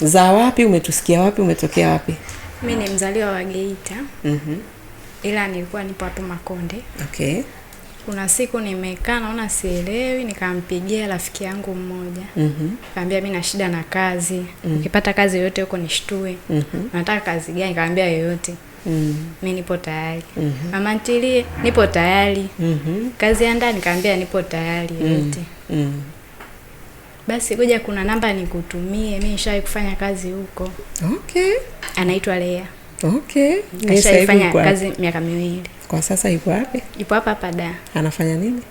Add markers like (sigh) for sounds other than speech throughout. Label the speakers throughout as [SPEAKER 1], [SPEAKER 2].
[SPEAKER 1] za wapi? Umetusikia wapi? Umetokea wapi?
[SPEAKER 2] Mi ni mzaliwa wa Geita. mm -hmm. Ila nilikuwa nipo hapo Makonde. Okay. Kuna siku nimekaa naona sielewi, nikampigia rafiki yangu mmoja mm -hmm. Kaambia mi na shida na kazi mm -hmm. Ukipata kazi yoyote huko nishtue. mm -hmm. Nataka kazi gani? Kaambia yoyote. Mm -hmm. Mi nipo tayari. mm -hmm. Mama ntilie, nipo tayari. mm -hmm. Kazi ya ndani, kaambia nipo tayari mm. yoyote. mm -hmm basi kuja kuna namba nikutumie, mi nishawahi kufanya kazi huko. Okay, anaitwa Lea. Okay, nishaifanya kazi miaka miwili.
[SPEAKER 1] Kwa sasa yuko wapi?
[SPEAKER 2] Yupo hapa hapa da.
[SPEAKER 1] Anafanya nini?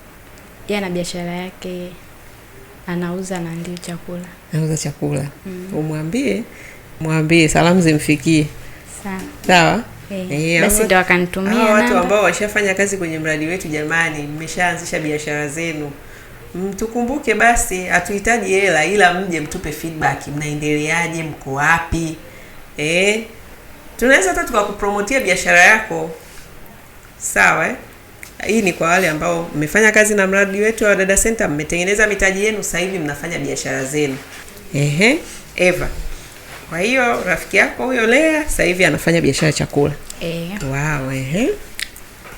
[SPEAKER 2] Yeye ana biashara yake, anauza na ndio chakula,
[SPEAKER 1] anauza chakula. Mm. Umwambie, mwambie salamu zimfikie. Sawa, sawa.
[SPEAKER 2] basi ndo akanitumia watu
[SPEAKER 1] ambao washafanya kazi kwenye mradi wetu. Jamani, mmeshaanzisha biashara zenu mtukumbuke mm, basi, hatuhitaji hela, ila mje mtupe feedback, mnaendeleaje, mko wapi eh? Tunaweza hata tukakupromotia biashara yako, sawa eh? Hii ni kwa wale ambao mmefanya kazi na mradi wetu wa Dada Center, mmetengeneza mitaji yenu, sasa hivi mnafanya biashara zenu. Ehe, Eva. Kwa hiyo rafiki yako huyo Lea sasa hivi anafanya biashara chakula. Eh. Wow, ehe.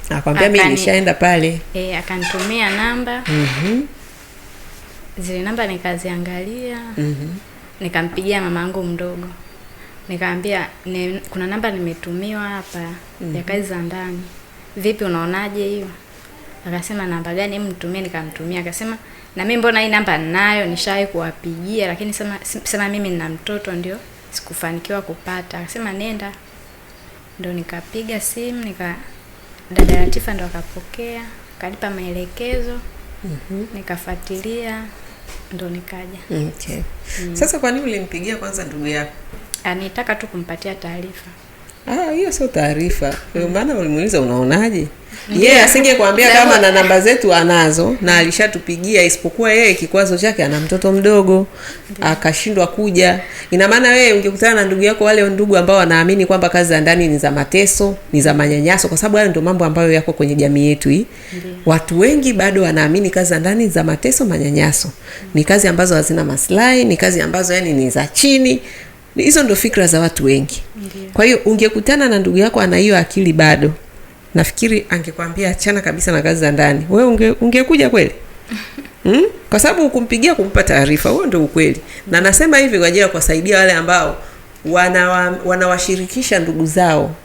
[SPEAKER 1] Nakwambia mimi nishaenda pale.
[SPEAKER 2] Eh, akanitumia namba. Mhm. Mm zile namba nikaziangalia. mm -hmm. Nikampigia mamangu mdogo nikaambia ni, kuna namba nimetumiwa hapa mm -hmm. ya kazi za ndani, vipi, unaonaje hiyo? Akasema namba gani? Hebu nitumie. Nikamtumia, akasema na mimi mbona hii namba ninayo, nishawahi kuwapigia, lakini sema sema mimi nina mtoto ndio sikufanikiwa kupata. Akasema nenda, ndo nikapiga simu nika dada Latifa ndo akapokea, kalipa maelekezo mm -hmm. nikafuatilia ndo nikaja.
[SPEAKER 1] Okay. Mm. Sasa kwa nini ulimpigia kwanza ndugu yako?
[SPEAKER 2] Anitaka tu kumpatia taarifa.
[SPEAKER 1] Ah, hiyo sio taarifa. Mm. Maana ulimuuliza unaonaje? yeye yeah, asingekwambia kama na namba zetu anazo na alishatupigia, isipokuwa yeye kikwazo chake ana mtoto mdogo akashindwa kuja. Ina maana wewe ungekutana na ndugu yako, wale ndugu ambao wanaamini kwamba kazi za ndani ni za mateso, ni za manyanyaso, kwa sababu hayo ndio mambo ambayo yako kwenye jamii yetu hii. Watu wengi bado wanaamini kazi za ndani za mateso, manyanyaso, ni kazi ambazo hazina maslahi, ni kazi ambazo yani ni za chini hizo ndo fikra za watu wengi.
[SPEAKER 2] Ndiyo. Kwa hiyo
[SPEAKER 1] ungekutana na ndugu yako ana hiyo akili bado nafikiri angekwambia achana kabisa na kazi za ndani, wewe unge, ungekuja kweli (laughs) mm? Kwa sababu ukumpigia kumpa taarifa, huo ndio ukweli, na nasema hivi kwa ajili ya kuwasaidia wale ambao wanawashirikisha wanawashirikisha ndugu zao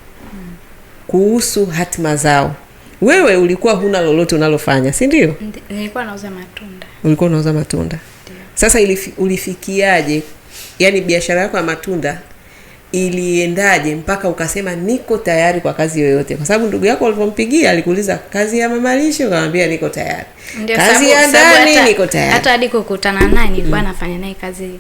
[SPEAKER 1] kuhusu hatima zao. Wewe ulikuwa huna lolote unalofanya, si ndio?
[SPEAKER 2] Nilikuwa nauza matunda.
[SPEAKER 1] Ulikuwa unauza matunda. Ndiyo. Sasa ilifi, ulifikiaje? Yaani biashara yako ya matunda iliendaje mpaka ukasema niko tayari kwa kazi yoyote? Kwa sababu ndugu yako alivyompigia alikuuliza kazi ya mamalisho ukamwambia niko tayari. Ndiyo, kazi sabu, ya ndani niko tayari.
[SPEAKER 2] Hata hadi kukutana naye nilikuwa mm. nafanya naye kazi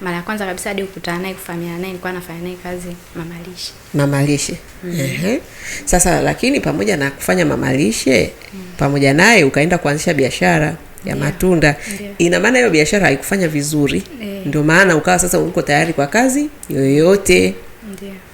[SPEAKER 2] mara ya kwanza kabisa, hadi kukutana naye kufamiana naye nilikuwa nafanya naye kazi mamalishe, mamalishe mm. Ehe.
[SPEAKER 1] Sasa lakini pamoja na kufanya mamalishe mm. pamoja naye ukaenda kuanzisha biashara ya yeah. matunda yeah. Ina maana hiyo biashara haikufanya vizuri yeah. Ndio maana ukawa sasa uko tayari kwa kazi yoyote
[SPEAKER 2] Yeah.